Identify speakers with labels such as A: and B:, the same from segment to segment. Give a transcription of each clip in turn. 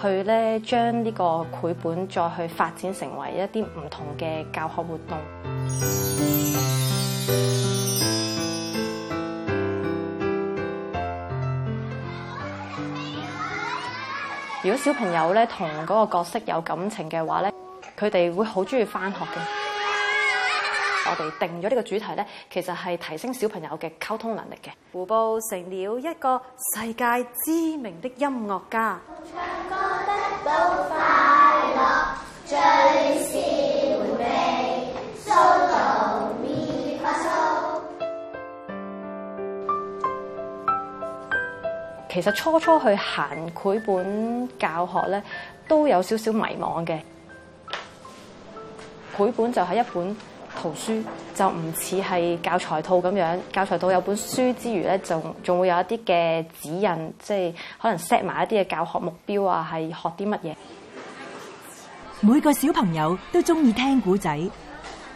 A: 去咧，將呢個繪本再去發展成為一啲唔同嘅教學活動。如果小朋友咧，同嗰個角色有感情嘅話咧，佢哋會好鍾意返學嘅。我哋定咗呢個主題咧，其實係提升小朋友嘅溝通能力嘅。狐步成了一個世界知名的音樂家得到快樂最 solo。其實初初去行繪本教學咧，都有少少迷惘嘅。繪本就係一本。圖書就唔似係教材套咁樣，教材套有本書之餘咧，仲仲會有一啲嘅指引，即係可能 set 埋一啲嘅教學目標啊，係學啲乜嘢。每個小朋友都中意聽古仔。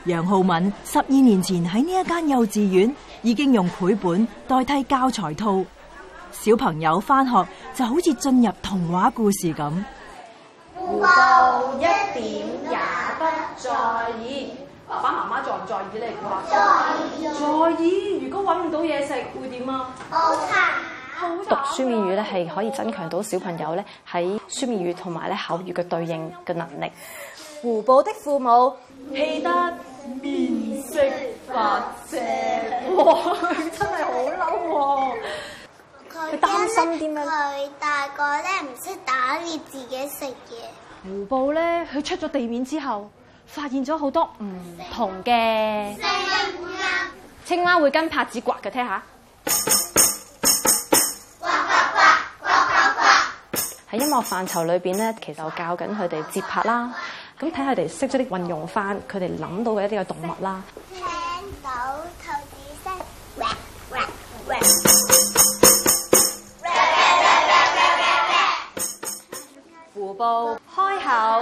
A: 楊浩敏十二年前喺呢一間幼稚園已經用繪本代替教材套，小朋友返學就好似進入童話故事咁。胡鬧一點也不在意。爸爸媽媽在唔在意你？在在意、啊。在意，如果揾唔到嘢食，會點啊？好慘。讀書面語咧係可以增強到小朋友咧喺書面語同埋咧口語嘅對應嘅能力。胡、嗯、寶的父母氣得面色發青，哇！佢真係好嬲喎。佢擔心啲咩、啊？佢大個咧唔識打獵自己食嘢。胡寶咧，佢出咗地面之後。發現咗好多唔同嘅聲音，青蛙會跟拍子刮嘅，聽下。刮刮刮刮刮。喺音樂範疇裏邊咧，其實我教緊佢哋接拍啦。咁睇下佢哋識唔識得運用翻，佢哋諗到嘅一啲嘅動物啦。聽到兔子聲，刮刮刮。刮刮刮刮刮刮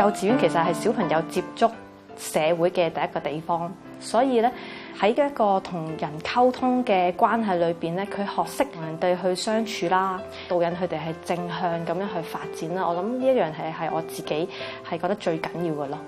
A: 幼稚園其實係小朋友接觸社會嘅第一個地方，所以咧喺一個同人溝通嘅關係裏邊咧，佢學識同人哋去相處啦，導引佢哋係正向咁樣去發展啦。我諗呢一樣係係我自己係覺得最緊要嘅咯。